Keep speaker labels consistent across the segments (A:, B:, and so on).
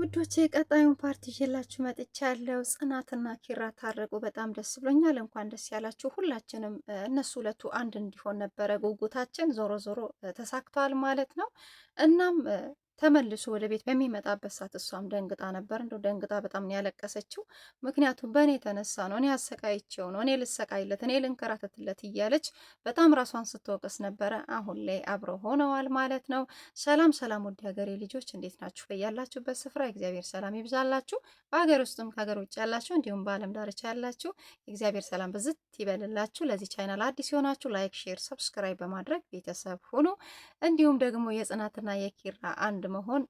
A: ውዶቼ ቀጣዩን ፓርት ይዤላችሁ መጥቻለሁ። ጽናትና ኪራ ታረቁ። በጣም ደስ ብሎኛል። እንኳን ደስ ያላችሁ ሁላችንም። እነሱ ሁለቱ አንድ እንዲሆን ነበረ ጉጉታችን። ዞሮ ዞሮ ተሳክቷል ማለት ነው። እናም ተመልሶ ወደ ቤት በሚመጣበት ሰዓት እሷም ደንግጣ ነበር። እንደው ደንግጣ በጣም ነው ያለቀሰችው። ምክንያቱም በእኔ የተነሳ ነው፣ እኔ አሰቃይቼው ነው፣ እኔ ልሰቃይለት፣ እኔ ልንከራተትለት እያለች በጣም ራሷን ስትወቅስ ነበረ። አሁን ላይ አብረው ሆነዋል ማለት ነው። ሰላም ሰላም፣ ውድ ሀገሬ ልጆች እንዴት ናችሁ? በያላችሁበት ስፍራ እግዚአብሔር ሰላም ይብዛላችሁ። በሀገር ውስጥም ከሀገር ውጭ ያላችሁ እንዲሁም በዓለም ዳርቻ ያላችሁ እግዚአብሔር ሰላም ብዝት ይበልላችሁ። ለዚህ ቻይናል አዲስ የሆናችሁ ላይክ፣ ሼር፣ ሰብስክራይብ በማድረግ ቤተሰብ ሁኑ። እንዲሁም ደግሞ የጽናትና የኪራ አንድ መሆን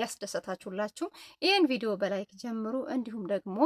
A: ያስደሰታችሁላችሁ ይህን ቪዲዮ በላይክ ጀምሩ። እንዲሁም ደግሞ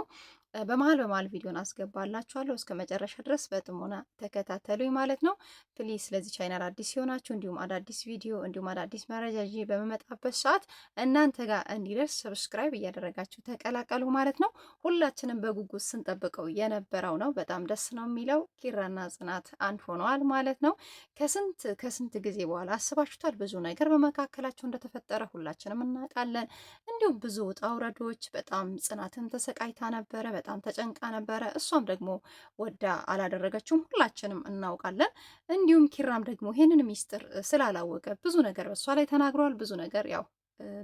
A: በመሀል በመሀል ቪዲዮን አስገባላችኋለሁ። እስከ መጨረሻ ድረስ በጥሞና ተከታተሉኝ ማለት ነው። ፕሊዝ ስለዚህ ቻይናል አዲስ ሲሆናችሁ እንዲሁም አዳዲስ ቪዲዮ እንዲሁም አዳዲስ መረጃ ይዤ በመመጣበት ሰዓት እናንተ ጋር እንዲደርስ ሰብስክራይብ እያደረጋችሁ ተቀላቀሉ ማለት ነው። ሁላችንም በጉጉት ስንጠብቀው የነበረው ነው። በጣም ደስ ነው የሚለው ኪራና ጽናት አንድ ሆነዋል ማለት ነው። ከስንት ከስንት ጊዜ በኋላ አስባችሁታል። ብዙ ነገር በመካከላቸው እንደተፈጠረ ሁላችንም እናውቃለን። እንዲሁም ብዙ ውጣ ውረዶች በጣም ጽናትን ተሰቃይታ ነበረ። በጣም ተጨንቃ ነበረ። እሷም ደግሞ ወዳ አላደረገችውም፣ ሁላችንም እናውቃለን። እንዲሁም ኪራም ደግሞ ይሄንን ሚስጥር ስላላወቀ ብዙ ነገር በእሷ ላይ ተናግሯል። ብዙ ነገር ያው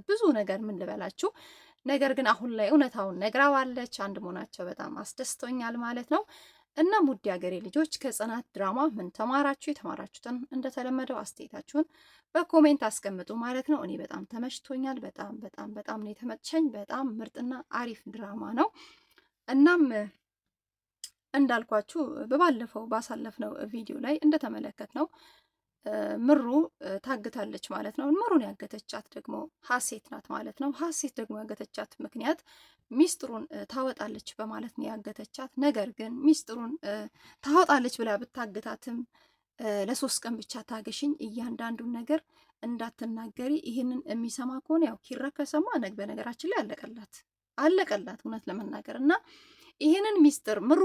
A: ብዙ ነገር ምን ልበላችሁ። ነገር ግን አሁን ላይ እውነታውን ነግራዋለች። አንድ መሆናቸው በጣም አስደስቶኛል ማለት ነው። እና ውድ ሀገሬ ልጆች ከጽናት ድራማ ምን ተማራችሁ? የተማራችሁትን እንደተለመደው አስተያየታችሁን በኮሜንት አስቀምጡ ማለት ነው። እኔ በጣም ተመችቶኛል። በጣም በጣም በጣም ነው የተመቸኝ። በጣም ምርጥና አሪፍ ድራማ ነው። እናም እንዳልኳችሁ በባለፈው ባሳለፍነው ቪዲዮ ላይ እንደተመለከት ነው ምሩ ታግታለች ማለት ነው። ምሩን ያገተቻት ደግሞ ሀሴት ናት ማለት ነው። ሀሴት ደግሞ ያገተቻት ምክንያት ሚስጥሩን ታወጣለች በማለት ነው ያገተቻት። ነገር ግን ሚስጥሩን ታወጣለች ብላ ብታግታትም ለሶስት ቀን ብቻ ታገሽኝ፣ እያንዳንዱን ነገር እንዳትናገሪ፣ ይህንን የሚሰማ ከሆነ ያው ኪራ ከሰማ ነግ በነገራችን ላይ አለቀላት አለቀላት እውነት ለመናገር እና ይህንን ሚስጥር ምሩ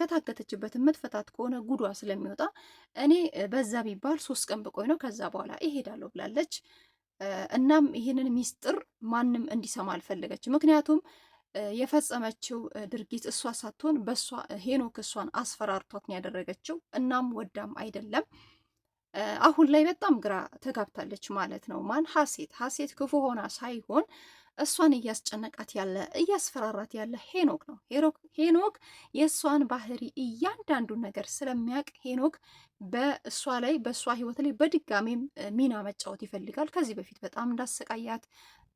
A: ከታገተችበት የምትፈታት ከሆነ ጉዷ ስለሚወጣ እኔ በዛ ቢባል ሶስት ቀን ብቆይ ነው ከዛ በኋላ እሄዳለሁ ብላለች። እናም ይህንን ሚስጥር ማንም እንዲሰማ አልፈለገች። ምክንያቱም የፈጸመችው ድርጊት እሷ ሳትሆን በእሷ ሄኖክ እሷን አስፈራርቷት ነው ያደረገችው። እናም ወዳም አይደለም። አሁን ላይ በጣም ግራ ተጋብታለች ማለት ነው። ማን ሀሴት ሀሴት ክፉ ሆና ሳይሆን እሷን እያስጨነቃት ያለ እያስፈራራት ያለ ሄኖክ ነው። ሄኖክ የእሷን ባህሪ እያንዳንዱን ነገር ስለሚያውቅ ሄኖክ በእሷ ላይ በእሷ ህይወት ላይ በድጋሜም ሚና መጫወት ይፈልጋል። ከዚህ በፊት በጣም እንዳሰቃያት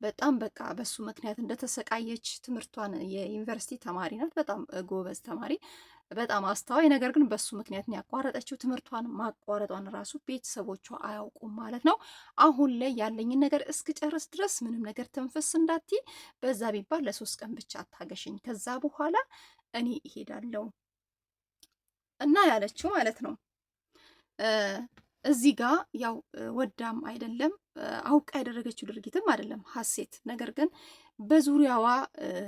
A: በጣም በቃ በሱ ምክንያት እንደተሰቃየች ትምህርቷን የዩኒቨርሲቲ ተማሪ ናት። በጣም ጎበዝ ተማሪ በጣም አስተዋይ፣ ነገር ግን በሱ ምክንያት ያቋረጠችው ትምህርቷን ማቋረጧን ራሱ ቤተሰቦቿ አያውቁም ማለት ነው። አሁን ላይ ያለኝን ነገር እስክጨርስ ድረስ ምንም ነገር ትንፍስ እንዳትይ፣ በዛ ቢባል ለሶስት ቀን ብቻ አታገሽኝ፣ ከዛ በኋላ እኔ እሄዳለሁ እና ያለችው ማለት ነው። እዚህ ጋ ያው ወዳም አይደለም አውቃ ያደረገችው ድርጊትም አይደለም ሀሴት። ነገር ግን በዙሪያዋ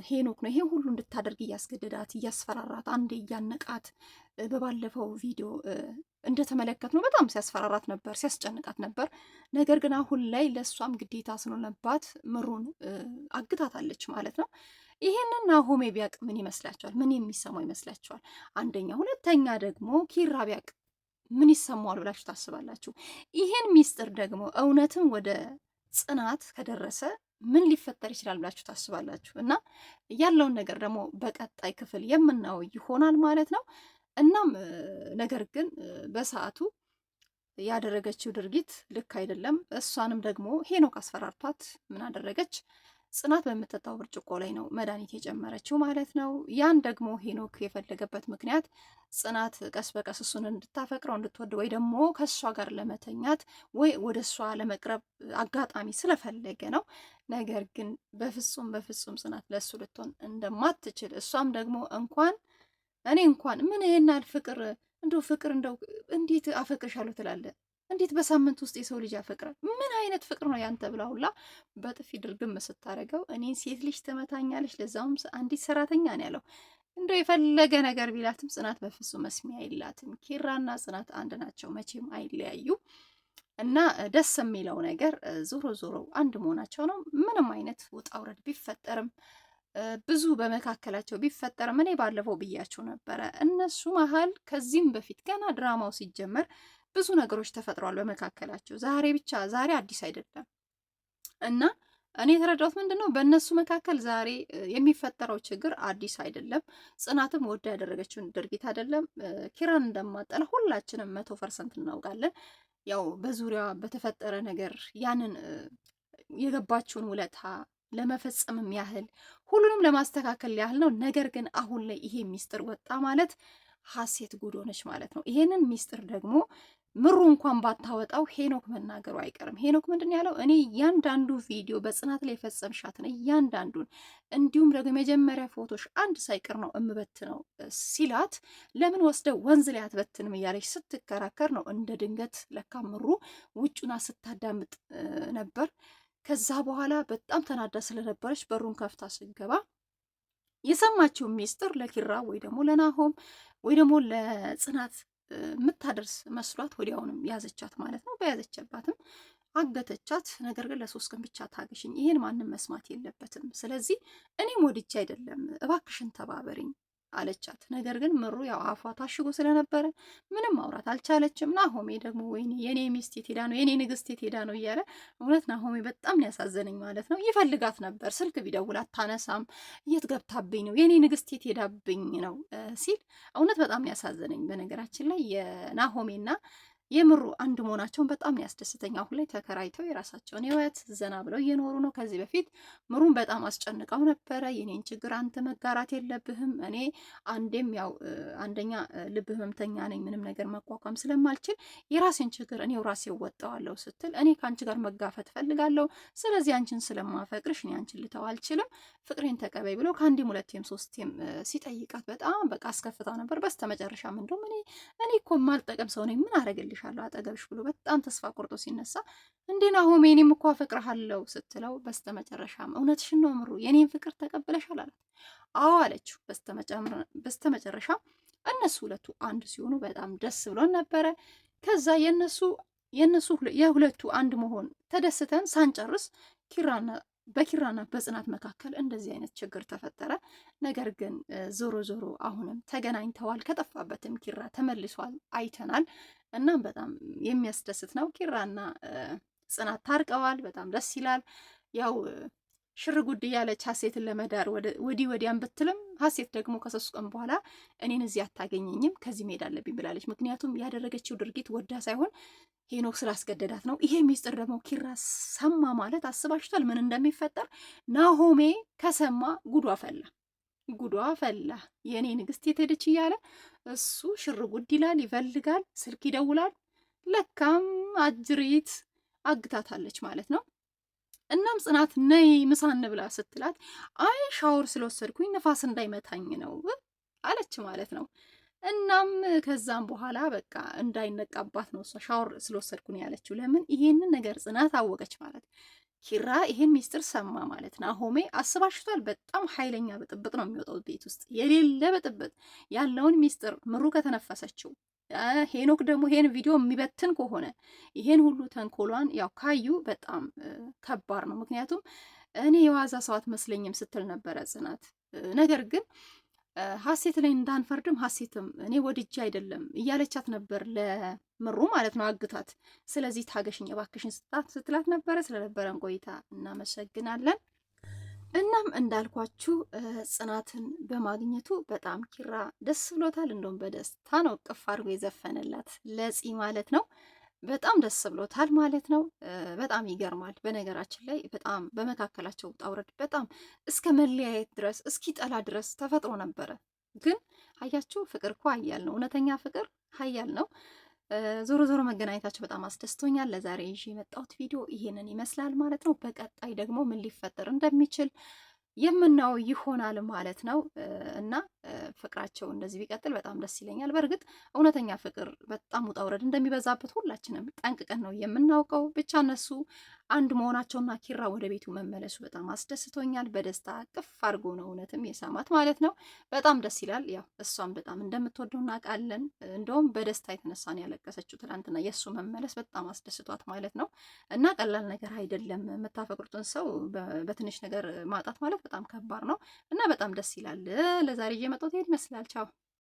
A: ሄኖክ ነው ይሄ ሁሉ እንድታደርግ እያስገደዳት እያስፈራራት፣ አንዴ እያነቃት በባለፈው ቪዲዮ እንደተመለከት ነው በጣም ሲያስፈራራት ነበር፣ ሲያስጨንቃት ነበር። ነገር ግን አሁን ላይ ለእሷም ግዴታ ስለሆነባት ምሩን አግታታለች ማለት ነው። ይሄንን ናሆሜ ቢያቅ ምን ይመስላችኋል? ምን የሚሰማው ይመስላችኋል? አንደኛ፣ ሁለተኛ ደግሞ ኪራ ቢያቅ ምን ይሰማዋል ብላችሁ ታስባላችሁ? ይሄን ሚስጥር ደግሞ እውነትም ወደ ጽናት ከደረሰ ምን ሊፈጠር ይችላል ብላችሁ ታስባላችሁ? እና ያለውን ነገር ደግሞ በቀጣይ ክፍል የምናየው ይሆናል ማለት ነው። እናም ነገር ግን በሰዓቱ ያደረገችው ድርጊት ልክ አይደለም። እሷንም ደግሞ ሄኖክ አስፈራርቷት ምን አደረገች ጽናት በምትጠጣው ብርጭቆ ላይ ነው መድኃኒት የጨመረችው ማለት ነው። ያን ደግሞ ሄኖክ የፈለገበት ምክንያት ጽናት ቀስ በቀስ እሱን እንድታፈቅረው እንድትወድ፣ ወይ ደግሞ ከእሷ ጋር ለመተኛት ወይ ወደ እሷ ለመቅረብ አጋጣሚ ስለፈለገ ነው። ነገር ግን በፍጹም በፍጹም ጽናት ለእሱ ልትሆን እንደማትችል እሷም ደግሞ እንኳን እኔ እንኳን ምን ይሄናል ፍቅር እንደው ፍቅር እንደው እንዴት አፈቅርሻለሁ ትላለህ እንዴት በሳምንት ውስጥ የሰው ልጅ ያፈቅራል? ምን አይነት ፍቅር ነው ያንተ? ብላ ሁላ በጥፊ ድርግም ስታደርገው እኔን ሴት ልጅ ትመታኛለች፣ ለዛውም አንዲት ሰራተኛ ነው ያለው። እንደው የፈለገ ነገር ቢላትም ጽናት በፍጹም መስሚያ የላትም። ኪራና ጽናት አንድ ናቸው፣ መቼም አይለያዩ እና ደስ የሚለው ነገር ዞሮ ዞሮ አንድ መሆናቸው ነው። ምንም አይነት ውጣ ውረድ ቢፈጠርም ብዙ በመካከላቸው ቢፈጠርም እኔ ባለፈው ብያቸው ነበረ እነሱ መሀል ከዚህም በፊት ገና ድራማው ሲጀመር ብዙ ነገሮች ተፈጥሯል በመካከላቸው። ዛሬ ብቻ ዛሬ አዲስ አይደለም እና እኔ የተረዳሁት ምንድን ነው በእነሱ መካከል ዛሬ የሚፈጠረው ችግር አዲስ አይደለም። ጽናትም ወዳ ያደረገችውን ድርጊት አይደለም። ኪራን እንደማጠለ ሁላችንም መቶ ፐርሰንት እናውቃለን። ያው በዙሪያ በተፈጠረ ነገር ያንን የገባችውን ውለታ ለመፈጸምም ያህል ሁሉንም ለማስተካከል ያህል ነው። ነገር ግን አሁን ላይ ይሄ ሚስጥር ወጣ ማለት ሀሴት ጉድ ሆነች ማለት ነው። ይሄንን ሚስጥር ደግሞ ምሩ እንኳን ባታወጣው ሄኖክ መናገሩ አይቀርም። ሄኖክ ምንድን ያለው እኔ እያንዳንዱ ቪዲዮ በጽናት ላይ የፈጸምሻትን እያንዳንዱን እንዲሁም ደግሞ የመጀመሪያ ፎቶሽ አንድ ሳይቀር ነው እምበትነው ሲላት፣ ለምን ወስደ ወንዝ ላይ አትበትንም እያለች ስትከራከር ነው እንደ ድንገት ለካ ምሩ ውጩና ስታዳምጥ ነበር። ከዛ በኋላ በጣም ተናዳ ስለነበረች በሩን ከፍታ ስገባ የሰማችው ሚስጥር ለኪራ ወይ ደግሞ ለናሆም ወይ ደግሞ ለጽናት የምታደርስ መስሏት ወዲያውንም ያዘቻት ማለት ነው። በያዘችባትም አገተቻት። ነገር ግን ለሶስት ቀን ብቻ ታገሽኝ፣ ይሄን ማንም መስማት የለበትም። ስለዚህ እኔም ወድጄ አይደለም፣ እባክሽን ተባበሪኝ አለቻት። ነገር ግን ምሩ ያው አፏ ታሽጎ ስለነበረ ምንም ማውራት አልቻለችም። ናሆሜ ደግሞ ወይኔ የኔ ሚስት የት ሄዳ ነው የኔ ንግስት የት ሄዳ ነው እያለ እውነት ናሆሜ በጣም ያሳዘነኝ ማለት ነው። ይፈልጋት ነበር፣ ስልክ ቢደውል አታነሳም፣ የት ገብታብኝ ነው የኔ ንግስት ሄዳብኝ ነው ሲል እውነት በጣም ያሳዘነኝ። በነገራችን ላይ የናሆሜና የምሩ አንድ መሆናቸውን በጣም ያስደስተኛ። አሁን ላይ ተከራይተው የራሳቸውን ህይወት ዘና ብለው እየኖሩ ነው። ከዚህ በፊት ምሩን በጣም አስጨንቀው ነበረ። የኔን ችግር አንተ መጋራት የለብህም፣ እኔ አንዴም ያው አንደኛ ልብ ህመምተኛ ነኝ፣ ምንም ነገር መቋቋም ስለማልችል የራሴን ችግር እኔው ራሴ ወጣዋለሁ ስትል፣ እኔ ከአንቺ ጋር መጋፈት ፈልጋለሁ፣ ስለዚህ አንቺን ስለማፈቅርሽ እኔ አንቺን ልተው አልችልም፣ ፍቅሬን ተቀበይ ብሎ ከአንዴም ሁለቴም ሶስቴም ሲጠይቃት በጣም በቃ አስከፍታ ነበር። በስተመጨረሻም እንደውም እኔ እኔ እኮ ማልጠቀም ሰው ነኝ ምን አረግልሽ ወድሻለሁ አጠገብሽ ብሎ በጣም ተስፋ ቆርጦ ሲነሳ እንዴ ናሆሜ እኔም እኮ አፈቅርሃለሁ ስትለው በስተመጨረሻም እውነትሽን ነው ምሩ የኔን ፍቅር ተቀብለሻል አላት። አዎ አለችው። በስተመጨረሻ እነሱ ሁለቱ አንድ ሲሆኑ በጣም ደስ ብሎን ነበረ። ከዛ የነሱ የነሱ የሁለቱ አንድ መሆን ተደስተን ሳንጨርስ ኪራና በኪራና በጽናት መካከል እንደዚህ አይነት ችግር ተፈጠረ። ነገር ግን ዞሮ ዞሮ አሁንም ተገናኝተዋል። ከጠፋበትም ኪራ ተመልሷል አይተናል። እናም በጣም የሚያስደስት ነው። ኪራና ጽናት ታርቀዋል። በጣም ደስ ይላል። ያው ሽርጉድ እያለች ሀሴትን ለመዳር ወዲህ ወዲያን ብትልም ሀሴት ደግሞ ከሶስት ቀን በኋላ እኔን እዚህ አታገኘኝም ከዚህ መሄድ አለብኝ ብላለች። ምክንያቱም ያደረገችው ድርጊት ወዳ ሳይሆን ሄኖክ ስላስገደዳት ነው። ይሄ ሚስጥር ደግሞ ኪራ ሰማ ማለት አስባችቷል ምን እንደሚፈጠር። ናሆሜ ከሰማ ጉዷ ፈላ፣ ጉዷ ፈላ። የእኔ ንግስት የት ሄደች እያለ እሱ ሽርጉድ ይላል፣ ይፈልጋል፣ ስልክ ይደውላል። ለካም አጅሪት አግታታለች ማለት ነው። እናም ጽናት ነይ ምሳ እንብላ ስትላት አይ ሻወር ስለወሰድኩኝ ነፋስ እንዳይመታኝ ነው አለች ማለት ነው። እናም ከዛም በኋላ በቃ እንዳይነቃባት ነው እሷ ሻወር ስለወሰድኩኝ ያለችው። ለምን ይሄንን ነገር ጽናት አወቀች ማለት ኪራ ይሄን ሚስጥር ሰማ ማለት ነው። አሆሜ አስባሽቷል። በጣም ኃይለኛ ብጥብጥ ነው የሚወጣው ቤት ውስጥ የሌለ ብጥብጥ ያለውን ሚስጥር ምሩ ከተነፈሰችው ሄኖክ ደግሞ ይሄን ቪዲዮ የሚበትን ከሆነ ይሄን ሁሉ ተንኮሏን ያው ካዩ በጣም ከባድ ነው። ምክንያቱም እኔ የዋዛ ሰው አትመስለኝም ስትል ነበረ ጽናት። ነገር ግን ሀሴት ላይ እንዳንፈርድም ሀሴትም እኔ ወድጄ አይደለም እያለቻት ነበር ለምሩ ማለት ነው አግታት። ስለዚህ ታገሽኝ እባክሽን ስጣት ስትላት ነበረ። ስለነበረን ቆይታ እናመሰግናለን። እናም እንዳልኳችሁ ጽናትን በማግኘቱ በጣም ኪራ ደስ ብሎታል። እንደውም በደስታ ነው ቅፍ አድርጎ የዘፈነላት ለጺ ማለት ነው። በጣም ደስ ብሎታል ማለት ነው። በጣም ይገርማል። በነገራችን ላይ በጣም በመካከላቸው ውጣ ውረድ በጣም እስከ መለያየት ድረስ እስኪ ጠላ ድረስ ተፈጥሮ ነበረ። ግን አያችሁ ፍቅር እኮ ሀያል ነው። እውነተኛ ፍቅር ሀያል ነው። ዞሮ ዞሮ መገናኘታቸው በጣም አስደስቶኛል። ለዛሬ ይዤ የመጣሁት ቪዲዮ ይሄንን ይመስላል ማለት ነው። በቀጣይ ደግሞ ምን ሊፈጠር እንደሚችል የምናየው ይሆናል ማለት ነው እና ፍቅራቸው እንደዚህ ቢቀጥል በጣም ደስ ይለኛል። በእርግጥ እውነተኛ ፍቅር በጣም ውጣ ውረድ እንደሚበዛበት ሁላችንም ጠንቅቀን ነው የምናውቀው። ብቻ እነሱ አንድ መሆናቸውና ኪራ ወደ ቤቱ መመለሱ በጣም አስደስቶኛል። በደስታ ቅፍ አድርጎ ነው እውነትም የሰማት ማለት ነው። በጣም ደስ ይላል። ያው እሷም በጣም እንደምትወደው እናውቃለን። እንደውም በደስታ ነው ያለቀሰችው ትላንትና። የእሱ መመለስ በጣም አስደስቷት ማለት ነው። እና ቀላል ነገር አይደለም። የምታፈቅሩትን ሰው በትንሽ ነገር ማጣት ማለት በጣም ከባድ ነው እና በጣም ደስ ይላል። ለዛሬ የምታመጡት ይህን ይመስላል። ቻው